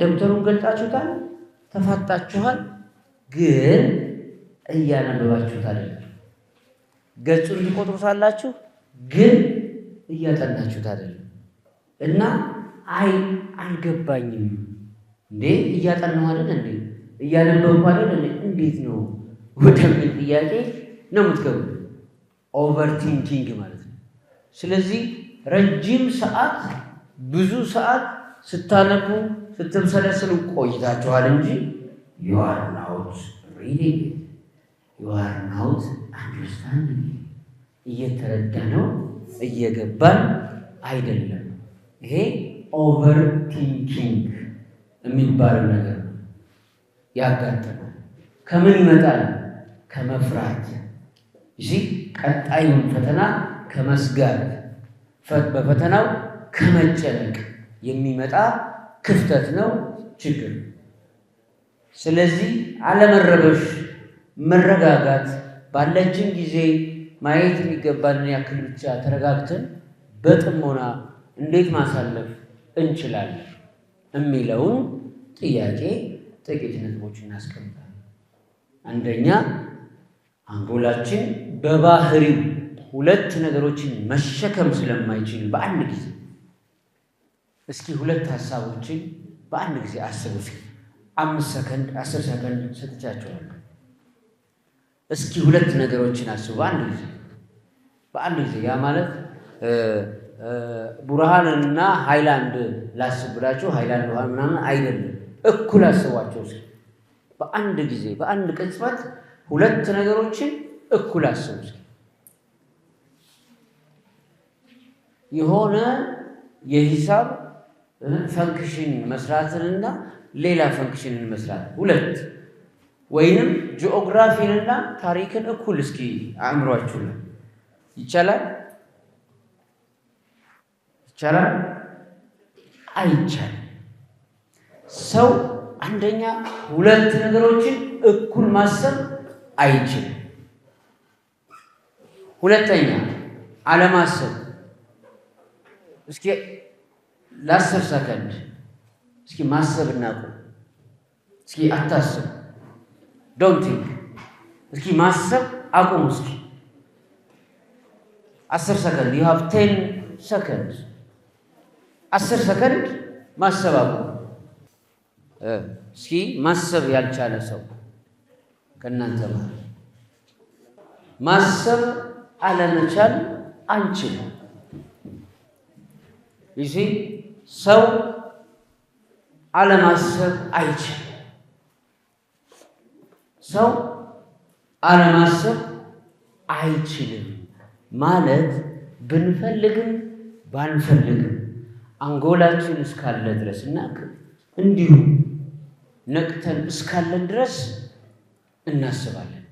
ደብተሩን ገልጣችሁታል፣ ተፋጣችኋል፣ ግን እያነበባችሁት አይደለም። ገጹን ትቆጥሩታላችሁ፣ ግን እያጠናችሁት አይደለም። እና አይ አልገባኝም እንዴ እያጠናሁ አይደል እንዴ እያነበብኩ አይደል እንዴ እንዴት ነው ወደሚል ጥያቄ ነው የምትገቡ። ኦቨር ቲንኪንግ ማለት ነው። ስለዚህ ረጅም ሰዓት ብዙ ሰዓት ስታነቡ ስትብሰለስሉ ቆይታችኋል እንጂ you are not እየተረዳነው እየገባን አይደለም። ይሄ ኦቨር ቲንኪንግ የሚባለው ነገር ነው ያጋጠመው። ከምን ይመጣል? ከመፍራት እዚ ቀጣዩን ፈተና ከመስጋት በፈተናው ከመጨነቅ የሚመጣ ክፍተት ነው፣ ችግር። ስለዚህ አለመረበሽ፣ መረጋጋት፣ ባለችን ጊዜ ማየት የሚገባንን ያክል ብቻ ተረጋግተን በጥሞና እንዴት ማሳለፍ እንችላለን የሚለውን ጥያቄ ጥቂት ነጥቦች እናስቀምጣለን። አንደኛ አንጎላችን በባህሪው ሁለት ነገሮችን መሸከም ስለማይችል በአንድ ጊዜ እስኪ ሁለት ሀሳቦችን በአንድ ጊዜ አስቡ አምስት ሰከንድ፣ አስር ሰከንድ ሰጥቻችኋለሁ። እስኪ ሁለት ነገሮችን አስቡ በአንድ ጊዜ በአንድ ጊዜ። ያ ማለት ቡርሃንና ሃይላንድ ላስብ ሃይላንድ ውሃ ምናምን አይደለም። እኩል አስቧቸው እስኪ በአንድ ጊዜ በአንድ ቅጽበት ሁለት ነገሮችን እኩል አስቡ የሆነ የሂሳብ ፈንክሽን መስራትንና ሌላ ፈንክሽንን መስራት ሁለት ወይንም ጂኦግራፊንና ታሪክን እኩል እስኪ አእምሯችሁ ነው ይቻላል ይቻላል አይቻል ሰው አንደኛ ሁለት ነገሮችን እኩል ማሰብ አይችልም። ሁለተኛ አለማሰብ እስኪ ለአስር ሰከንድ እስኪ ማሰብ እናቁ። እስኪ አታስብ፣ ዶንት ቲንክ። እስኪ ማሰብ አቁም። እስኪ አስር ሰከንድ ዩ ሃቭ ቴን ሰከንድ፣ አስር ሰከንድ ማሰብ አቁም። እስኪ ማሰብ ያልቻለ ሰው ከእናንተ መሃል ማሰብ አለመቻል አንችልም ይሲ ሰው አለማሰብ አይችልም። ሰው አለማሰብ አይችልም ማለት ብንፈልግም ባንፈልግም አንጎላችን እስካለ ድረስ እና እንዲሁ ነቅተን እስካለን ድረስ እናስባለን።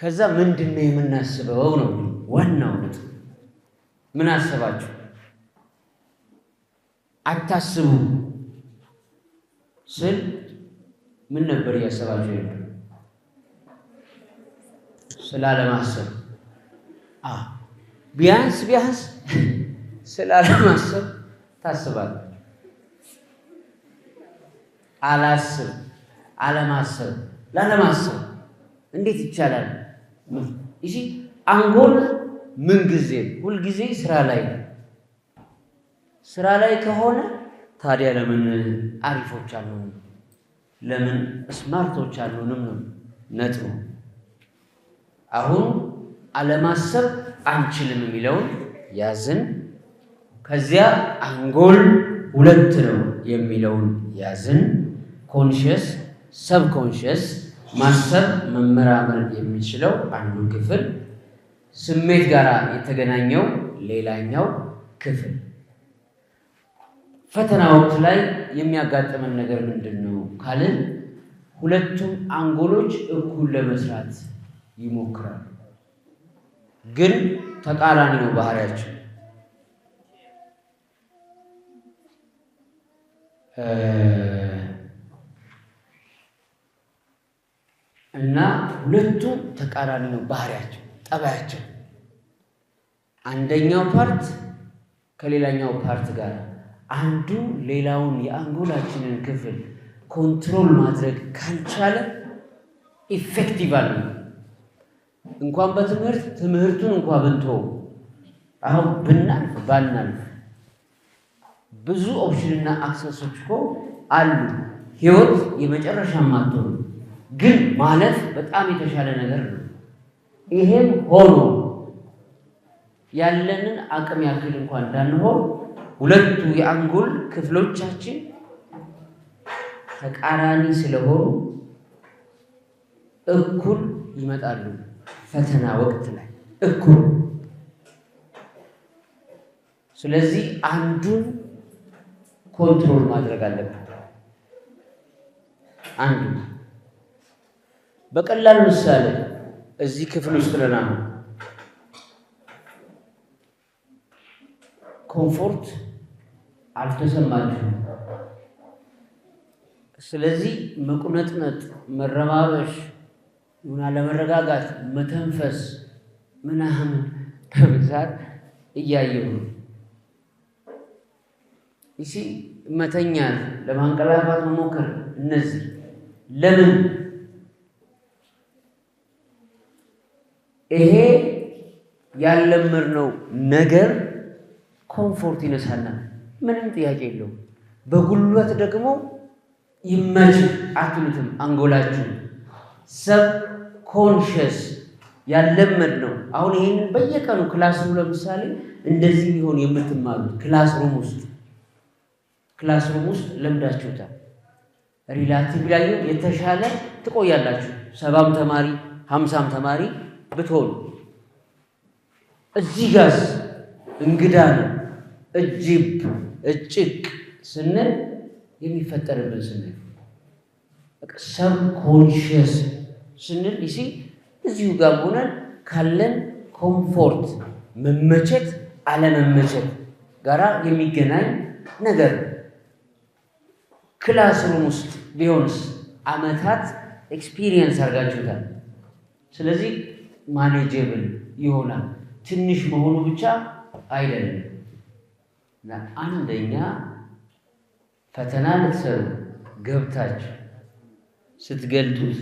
ከዛ ምንድን ነው የምናስበው ነው ዋናው ነጥብ። ምን አሰባችሁ? አታስቡ ስል ምን ነበር እያሰባችሁ ይሄ ስላለማሰብ ቢያንስ ቢያንስ ስላለማሰብ ታስባለ? አላስብ አለማሰብ ላለማሰብ እንዴት ይቻላል? እሺ አንጎል ምን ጊዜ ሁልጊዜ ስራ ላይ ስራ ላይ ከሆነ ታዲያ ለምን አሪፎች አልሆንም? ለምን ስማርቶች አልሆንም? ነው ነጥቡ። አሁን አለማሰብ አንችልም የሚለውን ያዝን። ከዚያ አንጎል ሁለት ነው የሚለውን ያዝን። ኮንሽስ ሰብ ማሰብ መመራመር የሚችለው አንዱ ክፍል፣ ስሜት ጋር የተገናኘው ሌላኛው ክፍል ፈተናዎች ላይ የሚያጋጥመን ነገር ምንድን ነው ካልን ሁለቱም አንጎሎች እኩል ለመስራት ይሞክራሉ፣ ግን ተቃራኒ ነው ባህሪያቸው። እና ሁለቱም ተቃራኒ ነው ባህሪያቸው፣ ጠባያቸው። አንደኛው ፓርት ከሌላኛው ፓርት ጋር አንዱ ሌላውን የአንጎላችንን ክፍል ኮንትሮል ማድረግ ካልቻለ ኢፌክቲቭ አለ እንኳን በትምህርት ትምህርቱን እንኳ ብንቶ አሁን ብናልፍ ባናልፍ ብዙ ኦፕሽንና አክሰሶች እኮ አሉ። ህይወት የመጨረሻ ማትሆኑ ግን ማለፍ በጣም የተሻለ ነገር ነው። ይሄም ሆኖ ያለንን አቅም ያክል እንኳን እንዳንሆን ሁለቱ የአንጎል ክፍሎቻችን ተቃራኒ ስለሆኑ እኩል ይመጣሉ። ፈተና ወቅት ላይ እኩል። ስለዚህ አንዱን ኮንትሮል ማድረግ አለብን። አንዱ በቀላል ምሳሌ እዚህ ክፍል ውስጥ ለና ኮምፎርት አልተሰማችሁም። ስለዚህ መቁነጥነጥ፣ መረባበሽ፣ ይሁን አለመረጋጋት፣ መተንፈስ ምናምን በብዛት እያየሁ ነው። ይሲ መተኛት፣ ለማንቀላፋት መሞከር እነዚህ ለምን ይሄ ያለመድነው ነገር ኮምፎርት ይነሳናል። ምንም ጥያቄ የለውም። በጉልበት ደግሞ ይመች አትሉትም። አንጎላችሁ ሰብ ኮንሽስ ያለመድ ነው። አሁን ይህን በየቀኑ ክላስሩም ለምሳሌ እንደዚህ ቢሆን የምትማሉት ክላስሩም ውስጥ ክላስሩም ውስጥ ለምዳችሁታል። ሪላቲቭ ላይ የተሻለ ትቆያላችሁ። ሰባም ተማሪ ሀምሳም ተማሪ ብትሆኑ እዚህ ጋዝ እንግዳ ነው እጅብ እጭቅ ስንል የሚፈጠርብን ስንል ሰብ ስንል ይ እዚሁ ጋር ሆነን ካለን ኮምፎርት መመቸት አለመመቸት ጋራ የሚገናኝ ነገር ነው። ክላስሩም ውስጥ ቢሆንስ አመታት ኤክስፒሪየንስ አድርጋችሁታል። ስለዚህ ማኔጀብል ይሆናል። ትንሽ መሆኑ ብቻ አይደለም። እና አንደኛ ፈተና ልትሰሩ ገብታችሁ ስትገልጡት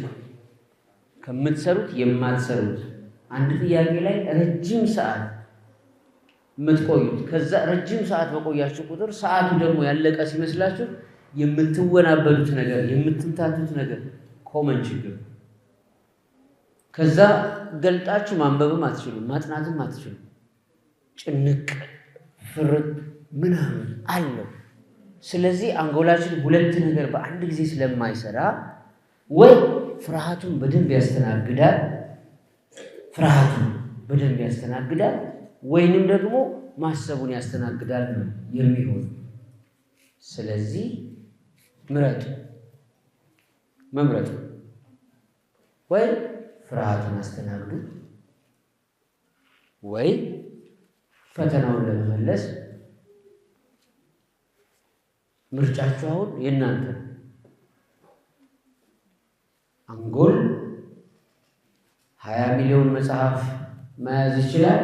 ከምትሰሩት የማትሰሩት አንድ ጥያቄ ላይ ረጅም ሰዓት የምትቆዩት ከዛ ረጅም ሰዓት በቆያችሁ ቁጥር ሰዓቱ ደግሞ ያለቀ ሲመስላችሁ የምትወናበሉት ነገር የምትምታቱት ነገር ኮመን ችግር ከዛ ገልጣችሁ ማንበብም አትችሉም፣ ማጥናትም አትችሉም። ጭንቅ ፍርጥ ምናምን አለው። ስለዚህ አንጎላችን ሁለት ነገር በአንድ ጊዜ ስለማይሰራ ወይ ፍርሃቱን በደንብ ያስተናግዳል፣ ፍርሃቱን በደንብ ያስተናግዳል ወይንም ደግሞ ማሰቡን ያስተናግዳል ነው የሚሆን። ስለዚህ ምረጡ፣ መምረጡ ወይ ፍርሃቱን አስተናግዱ ወይ ፈተናውን ለመመለስ ምርጫችሁ አሁን የእናንተ ነው። አንጎል ሀያ ሚሊዮን መጽሐፍ መያዝ ይችላል፣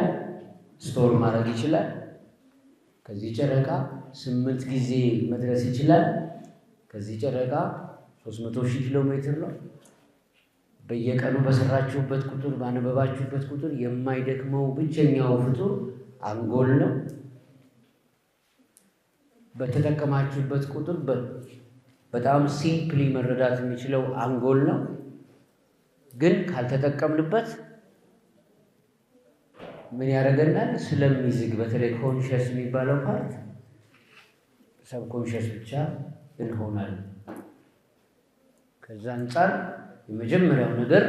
ስቶር ማድረግ ይችላል። ከዚህ ጨረቃ ስምንት ጊዜ መድረስ ይችላል። ከዚህ ጨረቃ ሶስት መቶ ሺህ ኪሎ ሜትር ነው። በየቀኑ በሰራችሁበት ቁጥር ባነበባችሁበት ቁጥር የማይደክመው ብቸኛው ፍጡር አንጎል ነው። በተጠቀማችሁበት ቁጥር በጣም ሲምፕሊ መረዳት የሚችለው አንጎል ነው። ግን ካልተጠቀምንበት ምን ያደርገናል? ስለሚዝግ በተለይ ኮንሽስ የሚባለው ፓርት ሰብኮንሽስ ብቻ እንሆናለን። ከዛ አንጻር የመጀመሪያው ነገር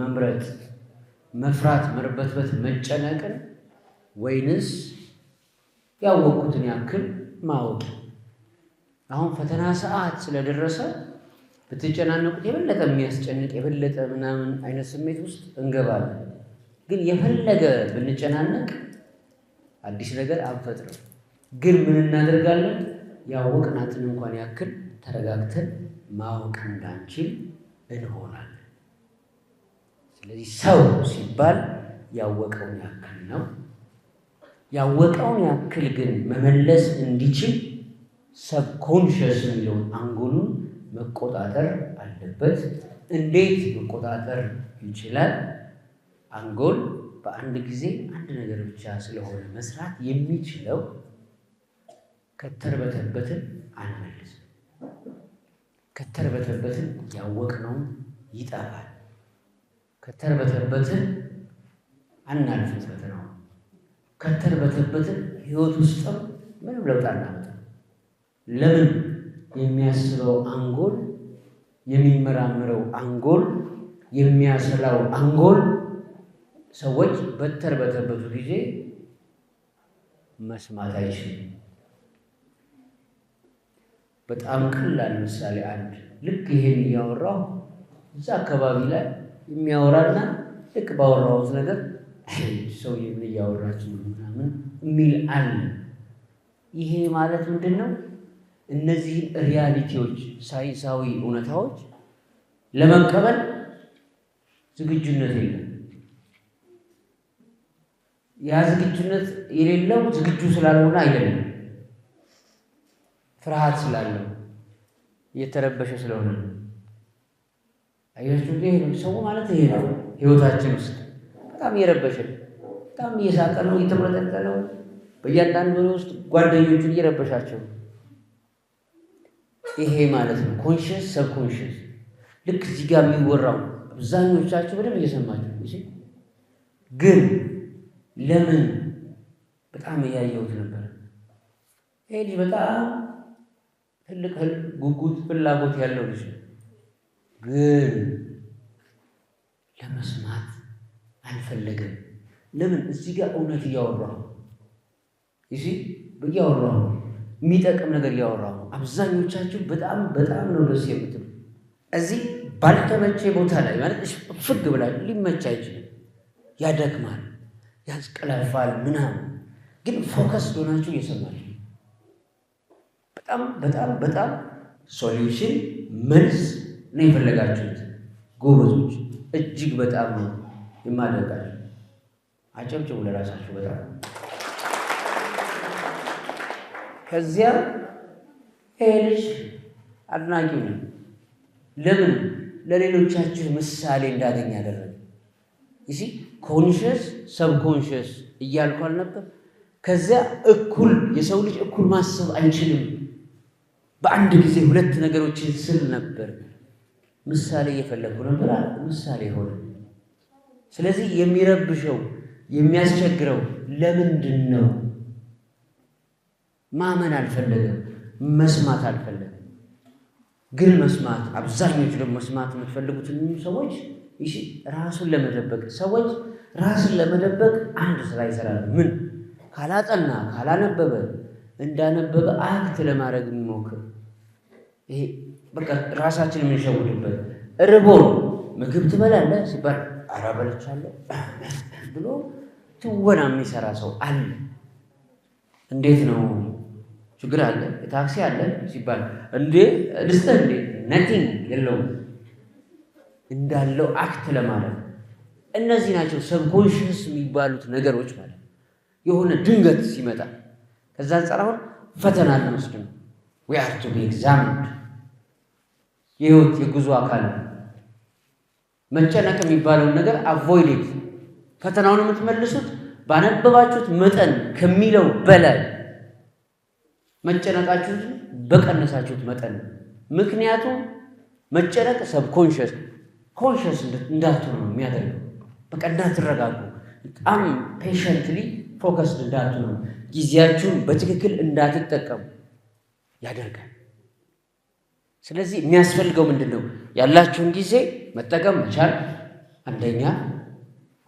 መምረጥ፣ መፍራት፣ መርበትበት፣ መጨነቅን ወይንስ ያወቁትን ያክል ማወቅ። አሁን ፈተና ሰዓት ስለደረሰ ብትጨናነቁት የበለጠ የሚያስጨንቅ የበለጠ ምናምን አይነት ስሜት ውስጥ እንገባለን። ግን የፈለገ ብንጨናነቅ አዲስ ነገር አንፈጥርም። ግን ምን እናደርጋለን? ያወቅናትን እንኳን ያክል ተረጋግተን ማወቅ እንዳንችል እንሆናለን። ስለዚህ ሰው ሲባል ያወቀውን ያክል ነው። ያወቀውን ያክል ግን መመለስ እንዲችል ሰብኮንሽስ የሚለውን አንጎሉን መቆጣጠር አለበት። እንዴት መቆጣጠር ይችላል? አንጎል በአንድ ጊዜ አንድ ነገር ብቻ ስለሆነ መስራት የሚችለው ከተርበተበትን አንመልስም። ከተርበተበትን ያወቅነውም ይጠፋል። ከተርበተበትን አናልፍበት ነው። ከተርበተበትን ህይወት ውስጥም ምንም ለውጥ አናመጣም። ለምን የሚያስበው አንጎል የሚመራመረው አንጎል የሚያሰላው አንጎል ሰዎች በተርበተበቱ ጊዜ መስማት አይችልም። በጣም ቀላል ምሳሌ አንድ ልክ ይሄን እያወራሁ እዛ አካባቢ ላይ የሚያወራና ልክ ባወራሁት ነገር ሰው የምን እያወራች ነው ምናምን የሚል አለ። ይሄ ማለት ምንድን ነው? እነዚህን ሪያሊቲዎች፣ ሳይንሳዊ እውነታዎች ለመቀበል ዝግጁነት የለም። ያ ዝግጁነት የሌለው ዝግጁ ስላልሆነ አይደለም፣ ፍርሃት ስላለው እየተረበሸ ስለሆነ ነው። አያችሁ፣ ይሄ ነው ሰው ማለት ይሄ ነው ህይወታችን ውስጥ በጣም እየረበሸ ነው። በጣም እየሳቀ ነው፣ እየተመረጠጠ ነው። በእያንዳንዱ ውስጥ ጓደኞቹን እየረበሻቸው ይሄ ማለት ነው ኮንሽስ ሰብኮንሽንስ። ልክ እዚህ ጋር የሚወራው አብዛኞቻቸው በደንብ እየሰማቸው ግን ለምን በጣም እያየሁት ነበር። ይሄ ልጅ በጣም ትልቅ ጉጉት፣ ፍላጎት ያለው ልጅ ግን ለመስማት አልፈለግም። ለምን እዚህ ጋር እውነት እያወራሁ ይህ እያወራሁ ነው፣ የሚጠቅም ነገር እያወራሁ ነው። አብዛኞቻችሁ በጣም በጣም ነው ደስ የምትሉ እዚህ ባልተመቼ ቦታ ላይ ማለት ፍግ ብላ ሊመቻ አይችልም። ያደክማል፣ ያስቀላፋል ምናምን። ግን ፎከስ ሆናችሁ እየሰማል በጣም በጣም በጣም ሶሉሽን መልስ ነው የፈለጋችሁት ጎበዞች፣ እጅግ በጣም ነው የማደርጋችሁ። አጨብጭቡ ለራሳችሁ በጣም ከዚያ ይሄ ልጅ አድናቂው ነው። ለምን ለሌሎቻችሁ ምሳሌ እንዳገኝ ያደረገ ይሲ ኮንሽስ ሰብኮንሽስ እያልኩ አልነበር። ከዚያ እኩል የሰው ልጅ እኩል ማሰብ አንችልም። በአንድ ጊዜ ሁለት ነገሮችን ስል ነበር ምሳሌ እየፈለግኩ ነበር። ምሳሌ ሆነ። ስለዚህ የሚረብሸው የሚያስቸግረው ለምንድን ነው? ማመን አልፈለገም፣ መስማት አልፈለገም። ግን መስማት አብዛኞቹ ደግሞ መስማት የምትፈልጉትን ሰዎች ይሺ ራሱን ለመደበቅ ሰዎች ራስን ለመደበቅ አንድ ስራ ይሰራል። ምን ካላጠና ካላነበበ እንዳነበበ አክት ለማድረግ የሚሞክር ይሄ በቃ ራሳችን የምንሸውድበት ርቦ ምግብ ትበላለህ ሲባል ኧረ በልቻለሁ ብሎ ትወና የሚሰራ ሰው አለ። እንዴት ነው ችግር አለ ታክሲ አለ ሲባል እንዴ ልስተ እንዴ ነቲንግ የለውም እንዳለው አክት ለማለት ነው። እነዚህ ናቸው ሰብኮንሽስ የሚባሉት ነገሮች ማለት የሆነ ድንገት ሲመጣ ከዛ አንጻር አሁን ፈተና ልንወስድ ነው። ዊ አር ቱ ቢ ኤግዛምድ የህይወት የጉዞ አካል ነው። መጨነቅ የሚባለውን ነገር አቮይድ ፈተናውን የምትመልሱት ባነበባችሁት መጠን ከሚለው በላይ መጨነቃችሁት በቀነሳችሁት መጠን። ምክንያቱም መጨነቅ ሰብኮንሽስ ኮንሽስ እንዳትሆኑ ነው የሚያደርገው። በቃ እንዳትረጋጉ፣ በጣም ፔሸንትሊ ፎከስድ እንዳትሆኑ፣ ጊዜያችሁን በትክክል እንዳትጠቀሙ ያደርጋል። ስለዚህ የሚያስፈልገው ምንድን ነው? ያላችሁን ጊዜ መጠቀም መቻል አንደኛ።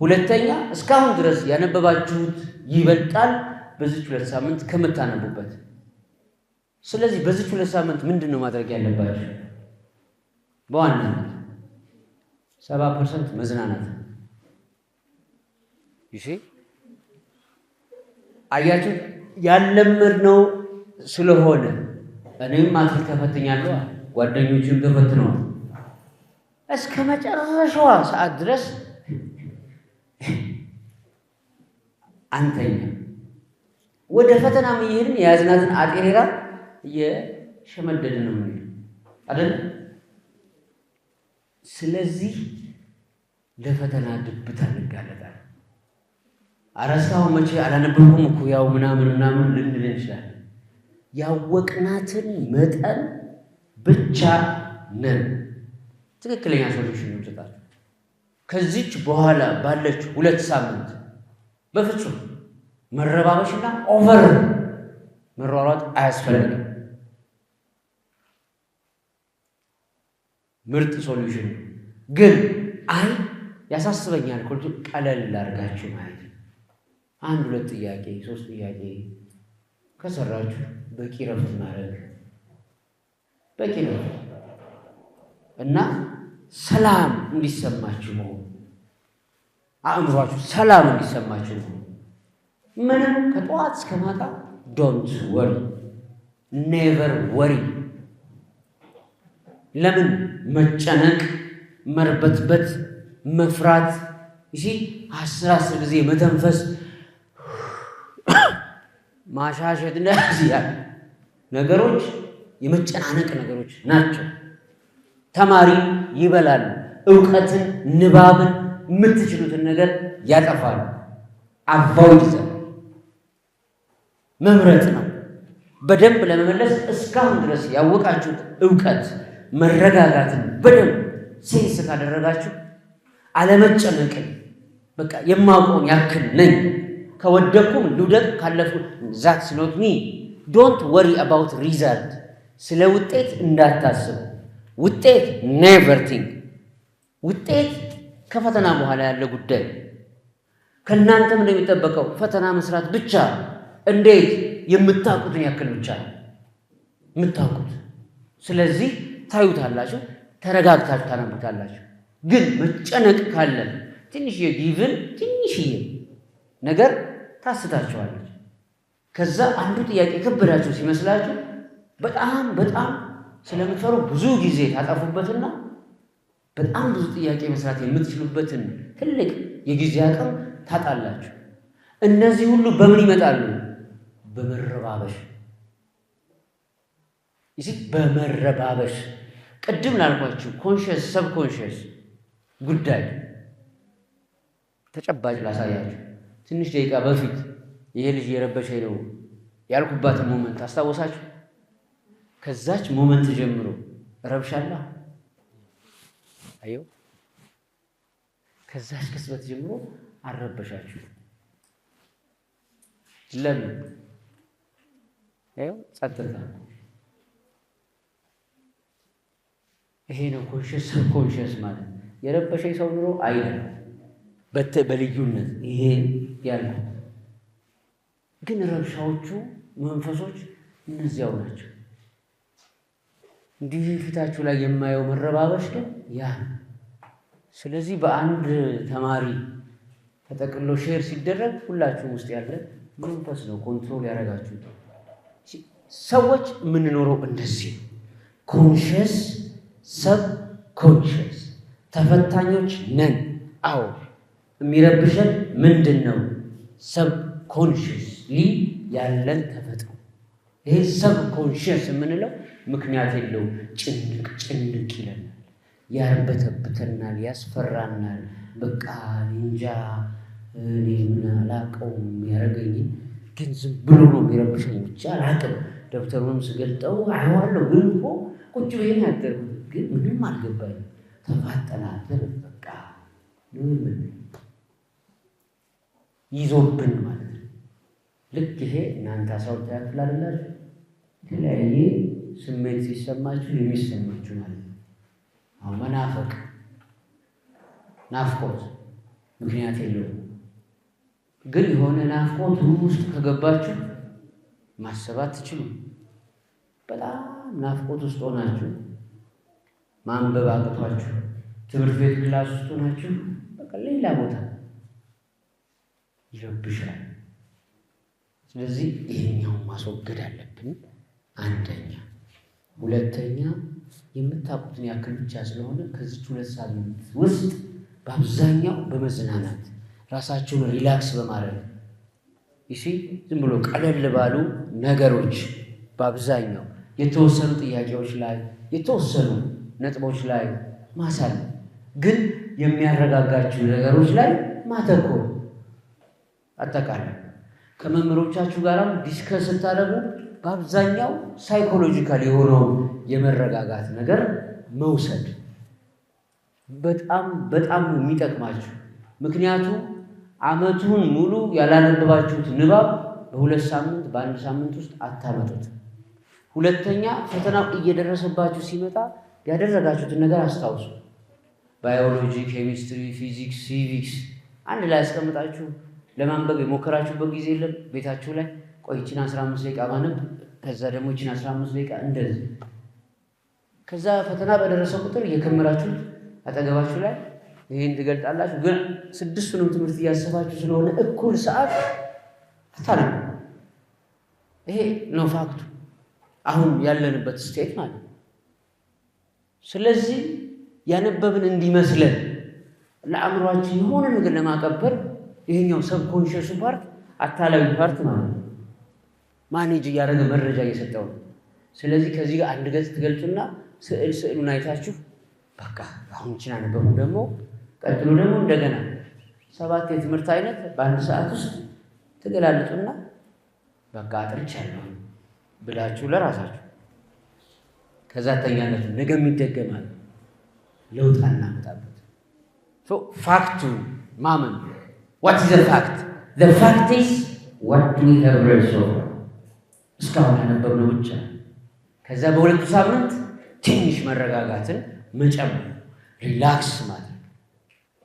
ሁለተኛ እስካሁን ድረስ ያነበባችሁት ይበልጣል በዚች ሁለት ሳምንት ከምታነቡበት። ስለዚህ በዚች ሁለት ሳምንት ምንድን ነው ማድረግ ያለባችሁ? በዋናነት ሰባ ፐርሰንት መዝናናት ይሺ አያችሁ፣ ያለመድነው ስለሆነ እኔም አትል ተፈትኛለሁ፣ ጓደኞችም ተፈትነዋል። እስከ መጨረሻዋ ሰዓት ድረስ አንተኛ ወደ ፈተናም እየሄድን የያዝናትን አጤሬራ እየሸመደድን ነው አይደል? ስለዚህ ለፈተና ድብት እንጋለጣለን። አረሳው መቼ አላነበብኩም እኮ ያው ምናምን ምናምን ልንል እንችላለን። ያወቅናትን መጠን ብቻ ነን ትክክለኛ ሶሉሽን ይምሰጣችሁ። ከዚች በኋላ ባለች ሁለት ሳምንት በፍጹም መረባበሽና ኦቨር መሯሯጥ አያስፈልግም። ምርጥ ሶሉሽን ግን አይ ያሳስበኛል ኮልቱ ቀለል ላድርጋችሁ ማለት አንድ ሁለት ጥያቄ ሶስት ጥያቄ ከሰራችሁ በቂ ረፍት ማድረግ በቂ ነው። እና ሰላም እንዲሰማችሁ መሆኑ አእምሯችሁ ሰላም እንዲሰማችሁ መሆኑ ምንም ከጠዋት እስከ ማታ ዶንት ወሪ ኔቨር ወሪ። ለምን መጨነቅ፣ መርበትበት፣ መፍራት ይሲ አስር አስር ጊዜ መተንፈስ ማሻሸት እንደዚህ ነገሮች የመጨናነቅ ነገሮች ናቸው። ተማሪ ይበላሉ። እውቀትን፣ ንባብን፣ የምትችሉትን ነገር ያጠፋሉ። አባው መምረጥ ነው። በደንብ ለመመለስ እስካሁን ድረስ ያወቃችሁት እውቀት መረጋጋትን በደንብ ሴንስ ካደረጋችሁ አለመጨነቅን በቃ የማውቀውን ያክል ነኝ ከወደኩም ልውደቅ ካለፉ ዛት ስኖት ሚ ዶንት ወሪ አባውት ሪዛልት ስለ ውጤት እንዳታስቡ። ውጤት ኔቨር ቲንግ ውጤት ከፈተና በኋላ ያለ ጉዳይ ከእናንተም እንደሚጠበቀው ፈተና መስራት ብቻ። እንዴት የምታውቁትን ያክል ብቻ የምታውቁት። ስለዚህ ታዩታላችሁ፣ ተረጋግታችሁ ታነቡታላችሁ። ግን መጨነቅ ካለ ትንሽዬ ጊቭን ትንሽዬ ነገር ታስታችኋለች። ከዛ አንዱ ጥያቄ ከበዳችሁ ሲመስላችሁ በጣም በጣም ስለምትፈሩ ብዙ ጊዜ ታጠፉበትና በጣም ብዙ ጥያቄ መስራት የምትችሉበትን ትልቅ የጊዜ አቅም ታጣላችሁ። እነዚህ ሁሉ በምን ይመጣሉ? በመረባበሽ ይ በመረባበሽ ቅድም ላልኳችሁ ኮንሽስ ሰብኮንሽስ ጉዳይ ተጨባጭ ላሳያችሁ። ትንሽ ደቂቃ በፊት ይሄ ልጅ የረበሸኝ ነው ያልኩባትን ሞመንት አስታወሳችሁ? ከዛች ሞመንት ጀምሮ ረብሻላ አዮ ከዛች ክስበት ጀምሮ አረበሻችሁ ለምን አዮ ጸጥታ። ይሄ ነው ኮንሽስ ኮንሽስ ማለት የረበሸ ሰው ኑሮ አይደለም። በተ በልዩነት ይሄ ያለ ግን ረብሻዎቹ መንፈሶች እነዚያው ናቸው። እንዲህ ፊታችሁ ላይ የማየው መረባበሽ ግን ያ ነው። ስለዚህ በአንድ ተማሪ ተጠቅሎ ሼር ሲደረግ ሁላችሁም ውስጥ ያለ መንፈስ ነው ኮንትሮል ያደረጋችሁ። ሰዎች የምንኖረው እንደዚህ ኮንሽስ ሰብ ኮንሽስ ተፈታኞች ነን። አዎ የሚረብሸን ምንድን ነው? ሰብ ኮንሽስሊ ያለን ተፈጥሮ ይሄ ሰብ ኮንሽየስ የምንለው ምክንያት የለው። ጭንቅ ጭንቅ ይለናል፣ ያርበተብተናል፣ ያስፈራናል። በቃ እንጃ እኔ ምን አላቀውም ያረገኝ ግን ዝም ብሎ ነው የሚረብሸኝ። ብቻ አላቅም ደብተሩንም ስገልጠው አይዋለሁ ግን እኮ ቁጭ ብዬን ያደርጉ ግን ምንም አልገባኝ። ተፋጠናትን በቃ ይዞብን ማለት ልክ ይሄ እናንተ አስራ ሁለተኛ ክፍል አይደላችሁ የተለያየ ስሜት ሲሰማችሁ የሚሰማችሁ ማለት ነው። አሁን መናፈቅ ናፍቆት ምክንያት የለውም፣ ግን የሆነ ናፍቆት ውስጥ ከገባችሁ ማሰባት ትችሉ። በጣም ናፍቆት ውስጥ ሆናችሁ ማንበብ አቅቷችሁ ትምህርት ቤት ክላስ ውስጥ ሆናችሁ በቃ ሌላ ቦታ ይረብሻል። ስለዚህ ይሄኛውን ማስወገድ አለብን። አንደኛ ሁለተኛ የምታውቁትን ያክል ብቻ ስለሆነ ከዚች ሁለት ሳምንት ውስጥ በአብዛኛው በመዝናናት ራሳቸውን ሪላክስ በማድረግ ይሺ ዝም ብሎ ቀለል ባሉ ነገሮች በአብዛኛው የተወሰኑ ጥያቄዎች ላይ የተወሰኑ ነጥቦች ላይ ማሳል፣ ግን የሚያረጋጋችሁ ነገሮች ላይ ማተኮር አጠቃላይ ከመምህሮቻችሁ ጋራም ዲስከስ ስታደርጉ በአብዛኛው ሳይኮሎጂካል የሆነውን የመረጋጋት ነገር መውሰድ በጣም በጣም የሚጠቅማችሁ። ምክንያቱም አመቱን ሙሉ ያላነበባችሁት ንባብ በሁለት ሳምንት በአንድ ሳምንት ውስጥ አታመጡት። ሁለተኛ ፈተናው እየደረሰባችሁ ሲመጣ ያደረጋችሁትን ነገር አስታውሱ። ባዮሎጂ፣ ኬሚስትሪ፣ ፊዚክስ፣ ሲቪክስ አንድ ላይ ያስቀምጣችሁ ለማንበብ የሞከራችሁበት ጊዜ የለም? ቤታችሁ ላይ ቆይ ይችን አስራ ደቂቃ ባነብ፣ ከዛ ደግሞ ይችን አስራ ደቂቃ እንደዚህ። ከዛ ፈተና በደረሰ ቁጥር እየከመራችሁ አጠገባችሁ ላይ ይህን ትገልጣላችሁ። ግን ስድስቱንም ትምህርት እያሰባችሁ ስለሆነ እኩል ሰዓት አታለ ይሄ ነው ፋክቱ፣ አሁን ያለንበት ስቴት ማለት ነው። ስለዚህ ያነበብን እንዲመስለን ለአእምሯችን የሆነ ነገር ለማቀበል ይሄኛው ሰብኮንሽሱ ፓርት አታላዊ ፓርት ማለት ነው። ማኔጅ እያደረገ መረጃ እየሰጠው ነው። ስለዚህ ከዚህ ጋር አንድ ገጽ ትገልጹና ስዕል ስዕሉን አይታችሁ በቃ አሁን ችን አነበቡ ደግሞ ቀጥሎ ደግሞ እንደገና ሰባት የትምህርት አይነት በአንድ ሰዓት ውስጥ ትገላልጡና በቃ አጥርቻለሁ ብላችሁ ለራሳችሁ ከዛ ተኛነት ነገ የሚደገማል ለውጥ አናመጣበት ፋክቱ ማመን ዋት ኢዝ ዘ ፋክት ዘ ፋክት ኢዝ ዋት ዊ ሃቭ ሬድ ሶ እስካሁን ያነበብነው ብቻ። ከዛ በሁለቱ ሳምንት ትንሽ መረጋጋትን መጨመር፣ ሪላክስ ማድረግ፣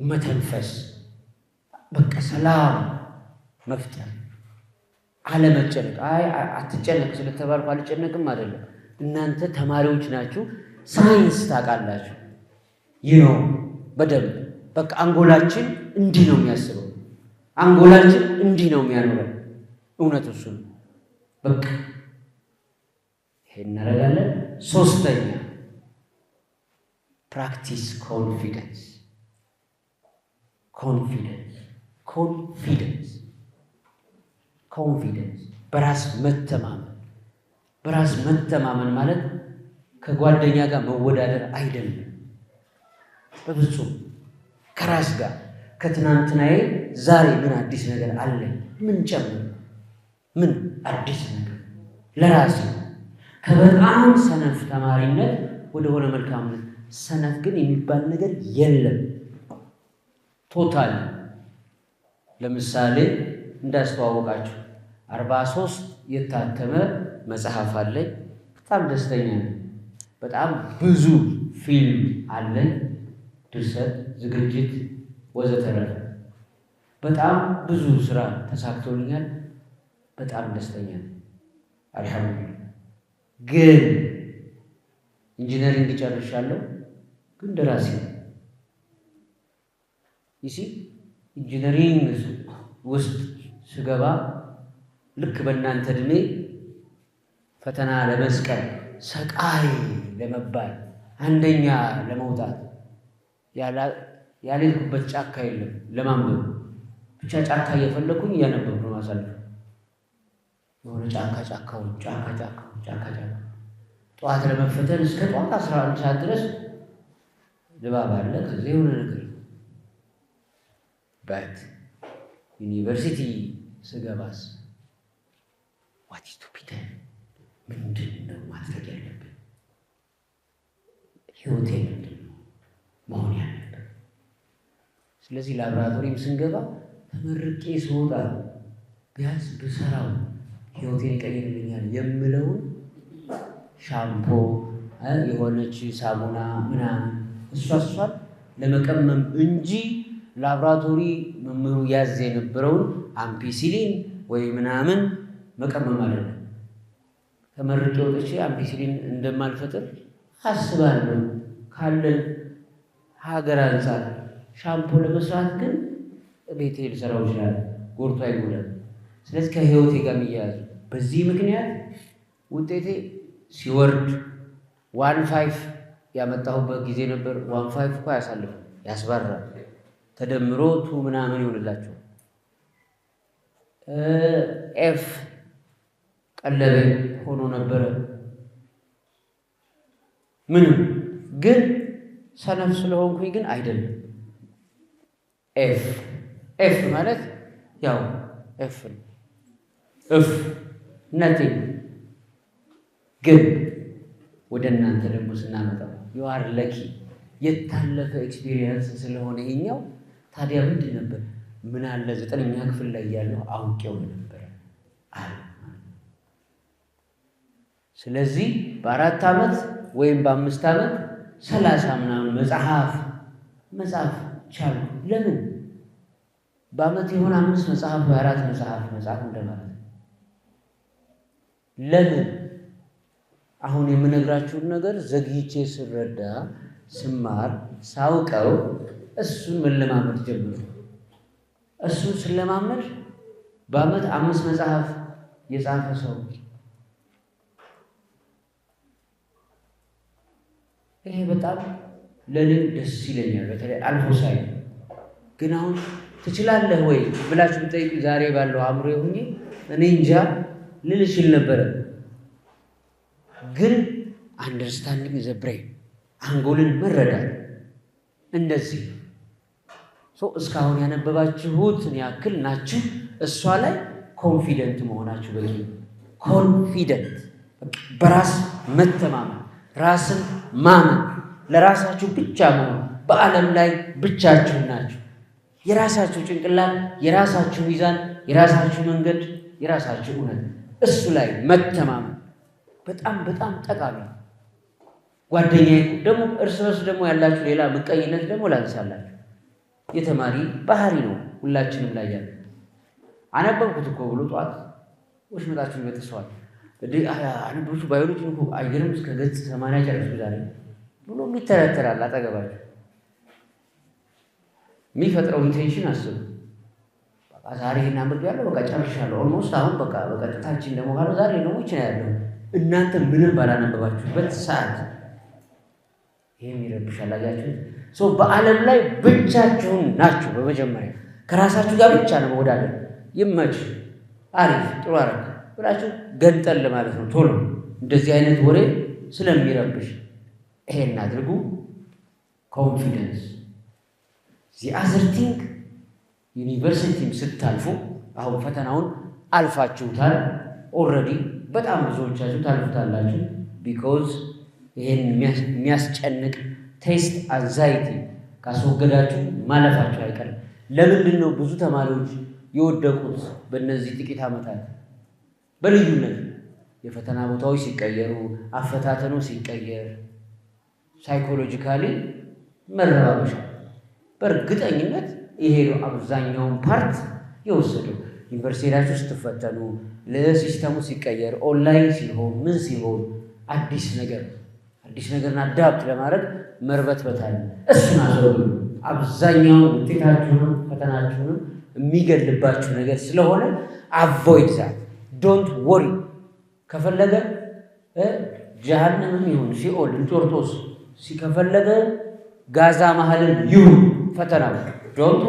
መተንፈስ፣ በቃ ሰላም መፍጠር፣ አለመጨነቅ። አይ አትጨነቅ ስለተባልኩ አልጨነቅም አይደለም። እናንተ ተማሪዎች ናችሁ፣ ሳይንስ ታውቃላችሁ። ይህ ነው በደንብ በቃ አንጎላችን እንዲህ ነው የሚያስበው። አንጎላችን እንዲህ ነው የሚያኖረን። እውነት እሱ ነው። በቃ ይሄ እናደርጋለን። ሶስተኛ ፕራክቲስ ኮንፊደንስ ኮንፊደንስ ኮንፊደንስ ኮንፊደንስ በራስ መተማመን። በራስ መተማመን ማለት ከጓደኛ ጋር መወዳደር አይደለም፣ በፍጹም ከራስ ጋር ከትናንትናዬ ዛሬ ምን አዲስ ነገር አለ? ምን ጨምር፣ ምን አዲስ ነገር ለራሴ ከበጣም ሰነፍ ተማሪነት ወደሆነ መልካምነት። ሰነፍ ግን የሚባል ነገር የለም ቶታል። ለምሳሌ እንዳስተዋወቃችሁ አርባ ሶስት የታተመ መጽሐፍ አለኝ። በጣም ደስተኛ ነው በጣም ብዙ ፊልም አለኝ፣ ድርሰት ዝግጅት ወዘተረፈ በጣም ብዙ ስራ ተሳክቶልኛል። በጣም ደስተኛ ነኝ። አልሐምዱሊላህ። ግን ኢንጂነሪንግ ጨርሻለሁ፣ ግን ደራሲ ይሲ ኢንጂነሪንግ ውስጥ ስገባ ልክ በእናንተ እድሜ ፈተና ለመስቀል ሰቃይ ለመባል አንደኛ ለመውጣት ያልሄድኩበት ጫካ የለም ለማንበብ ብቻ ጫካ እየፈለግኩኝ እያነበብኩ ነው ማሳለፍ። የሆነ ጫካ ጫካውን ጫካ ጫካ ጫካ ጫካ ጠዋት ለመፈተን እስከ ጠዋት አስራ አንድ ሰዓት ድረስ ድባብ አለ። ከዚ የሆነ ነገር በት ዩኒቨርሲቲ ስገባስ ዋቲቱ ፒተር ምንድን ነው ማድረግ ያለብን? ህይወቴ ምንድን ነው መሆን ያለ ስለዚህ ላብራቶሪም ስንገባ ተመርቄ ስወጣ ቢያንስ ብሰራው ህይወቴን ይቀይርልኛል የምለውን ሻምፖ የሆነች ሳሙና ምናምን እሷ እሷን ለመቀመም እንጂ ላብራቶሪ መምህሩ ያዝ የነበረውን አምፒሲሊን ወይ ምናምን መቀመም አለነ። ተመርቄ ወጥቼ አምፒሲሊን እንደማልፈጥር አስባለሁ ካለን ሀገር አንጻር ሻምፖ ለመስራት ግን ቤቴ ልሰራው ይችላል፣ ጎርቶ አይሞላም። ስለዚህ ከህይወቴ ጋር የሚያያዙ በዚህ ምክንያት ውጤቴ ሲወርድ ዋን ፋይፍ ያመጣሁበት ጊዜ ነበር። ዋን ፋይፍ እኮ ያሳልፉ ያስባራል ተደምሮ ቱ ምናምን ይሆንላቸው ኤፍ ቀለበ ሆኖ ነበረ። ምንም ግን ሰነፍ ስለሆንኩኝ ግን አይደለም ኤፍ ኤፍ ማለት ያው ኤፍ ነው። እፍ ነቲንግ ግን ወደ እናንተ ደግሞ ስናመጣው ዩአር ለኪ የታለፈ ኤክስፒሪየንስ ስለሆነ ይሄኛው ታዲያ ምንድን ነበር? ምን አለ ዘጠነኛ ክፍል ላይ ያለው አውቄው ነበረ አለ። ስለዚህ በአራት ዓመት ወይም በአምስት ዓመት ሰላሳ ምናምን መጽሐፍ መጽሐፍ ቻሉ። ለምን በአመት የሆነ አምስት መጽሐፍ አራት መጽሐፍ መጽሐፍ እንደማለት ለምን አሁን የምነግራችሁን ነገር ዘግይቼ ስረዳ ስማር ሳውቀው እሱን መለማመድ ጀምሩ። እሱን ስለማመድ በአመት አምስት መጽሐፍ የጻፈ ሰው ይሄ በጣም ለእኔም ደስ ይለኛል። በተለይ አልፎ ሳይ ግን አሁን ትችላለህ ወይ ብላችሁ ብጠይቁ ዛሬ ባለው አእምሮ ሁኜ እኔ እንጃ ልል እችል ነበረ። ግን አንደርስታንዲንግ ዘ ብሬን አንጎልን መረዳት እንደዚህ እስካሁን ያነበባችሁትን ያክል ናችሁ። እሷ ላይ ኮንፊደንት መሆናችሁ በቂ። ኮንፊደንት በራስ መተማመን፣ ራስን ማመን፣ ለራሳችሁ ብቻ መሆን፣ በዓለም ላይ ብቻችሁ ናችሁ። የራሳችሁ ጭንቅላት፣ የራሳችሁ ሚዛን፣ የራሳችሁ መንገድ፣ የራሳችሁ እውነት፣ እሱ ላይ መተማመን በጣም በጣም ጠቃሚ ጓደኛ ደግሞ እርስ በርስ ደግሞ ያላችሁ ሌላ ምቀኝነት ደግሞ ላንሳላችሁ። የተማሪ ባህሪ ነው ሁላችንም ላይ ያለ። አነበብኩት እኮ ብሎ ጠዋት ወሽመጣችሁን ይበጥሰዋል። አነበብኩት ባዮሎጂ አየርም እስከ ገጽ ሰማንያ ጨረስኩ ዛሬ ብሎ የሚተረተራል አጠገባችሁ የሚፈጥረው ኢንቴንሽን አስቡ። በቃ ዛሬ ይህን ያለው በቃ ጨርሻለሁ፣ ኦልሞስት አሁን በቃ በቀጥታችን ደግሞ ካለ ዛሬ ደግሞ ይችን ያለው እናንተ ምንም ባላነበባችሁበት ሰዓት ይህም ይረብሻል። አያችሁት? ሶ በዓለም ላይ ብቻችሁን ናችሁ። በመጀመሪያ ከራሳችሁ ጋር ብቻ ነው መወዳደር። ይመች፣ አሪፍ፣ ጥሩ አረግ ብላችሁ ገንጠል ማለት ነው። ቶሎ እንደዚህ አይነት ወሬ ስለሚረብሽ ይሄን አድርጉ። ኮንፊደንስ ዚአዘርቲንግ ዩኒቨርሲቲም ስታልፉ አሁን ፈተናውን አልፋችሁታል። ኦልሬዲ በጣም ብዙዎቻችሁ ታልፉታላችሁ። ቢኮዝ ይህን የሚያስጨንቅ ቴስት አንዛይቲ ካስወገዳችሁ ማለፋችሁ አይቀርም። ለምንድን ነው ብዙ ተማሪዎች የወደቁት በእነዚህ ጥቂት ዓመታት? በልዩነት የፈተና ቦታዎች ሲቀየሩ፣ አፈታተኑ ሲቀየር፣ ሳይኮሎጂካሊ መረባበሻ በእርግጠኝነት ይሄ ነው አብዛኛውን ፓርት የወሰደው። ዩኒቨርሲቲ ሄዳችሁ ስትፈተኑ፣ ለሲስተሙ ሲቀየር፣ ኦንላይን ሲሆን፣ ምን ሲሆን አዲስ ነገር አዲስ ነገርን አዳፕት ለማድረግ መርበትበት አለ። እሱን አዘሩ አብዛኛውን ውጤታችሁንም ፈተናችሁንም የሚገልባችሁ ነገር ስለሆነ አቮይድ ዛት ዶንት ወሪ። ከፈለገ ጀሃነምም ይሁን ሲኦል እንጦርጦስ ከፈለገ ጋዛ መሀልን ይሁን ፈተና ጆንቱ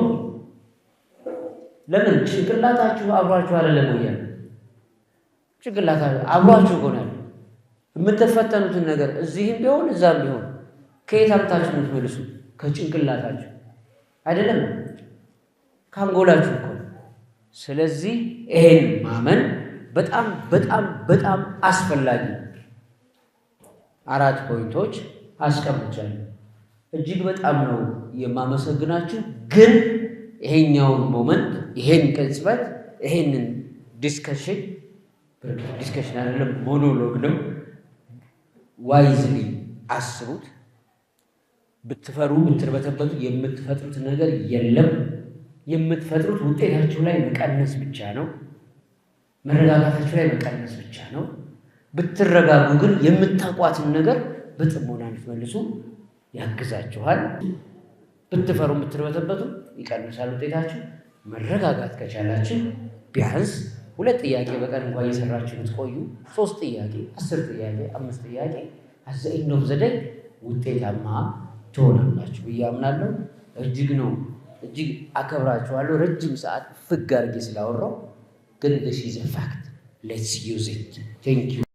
ለምን ጭንቅላታችሁ አብሯችሁ አይደለም ወይ? ጭንቅላታ አብሯችሁ ሆናል። የምትፈተኑትን ነገር እዚህም ቢሆን እዛም ቢሆን ከየት አምታችሁ የምትመልሱ? ከጭንቅላታችሁ አይደለም ከአንጎላችሁ እኮ። ስለዚህ ይሄን ማመን በጣም በጣም በጣም አስፈላጊ አራት ፖይንቶች አስቀምጫለሁ። እጅግ በጣም ነው የማመሰግናችሁ። ግን ይሄኛውን ሞመንት ይሄን ቅጽበት ይሄንን ዲስከሽን ዲስከሽን አይደለም ሞኖሎግ ነው። ዋይዝሊ አስቡት። ብትፈሩ ብትርበተበቱ የምትፈጥሩት ነገር የለም። የምትፈጥሩት ውጤታችሁ ላይ መቀነስ ብቻ ነው። መረጋጋታችሁ ላይ መቀነስ ብቻ ነው። ብትረጋጉ ግን የምታውቋትን ነገር በጥሞና እንድትመልሱ ያግዛችኋል። ብትፈሩ ብትርበተበቱ ይቀንሳል ውጤታችሁ። መረጋጋት ከቻላችን ቢያንስ ሁለት ጥያቄ በቀን እንኳ እየሰራችሁ ብትቆዩ ሶስት ጥያቄ፣ አስር ጥያቄ፣ አምስት ጥያቄ አዘኢንዶም ዘደኝ ውጤታማ ትሆናላችሁ ብዬ አምናለሁ። እጅግ ነው እጅግ አከብራችኋለሁ። ረጅም ሰዓት ፍግ አድርጌ ስላወራው ግን ሺ ዘ ፋክት ሌትስ ዩዝ ኢት ቴንክ ዩ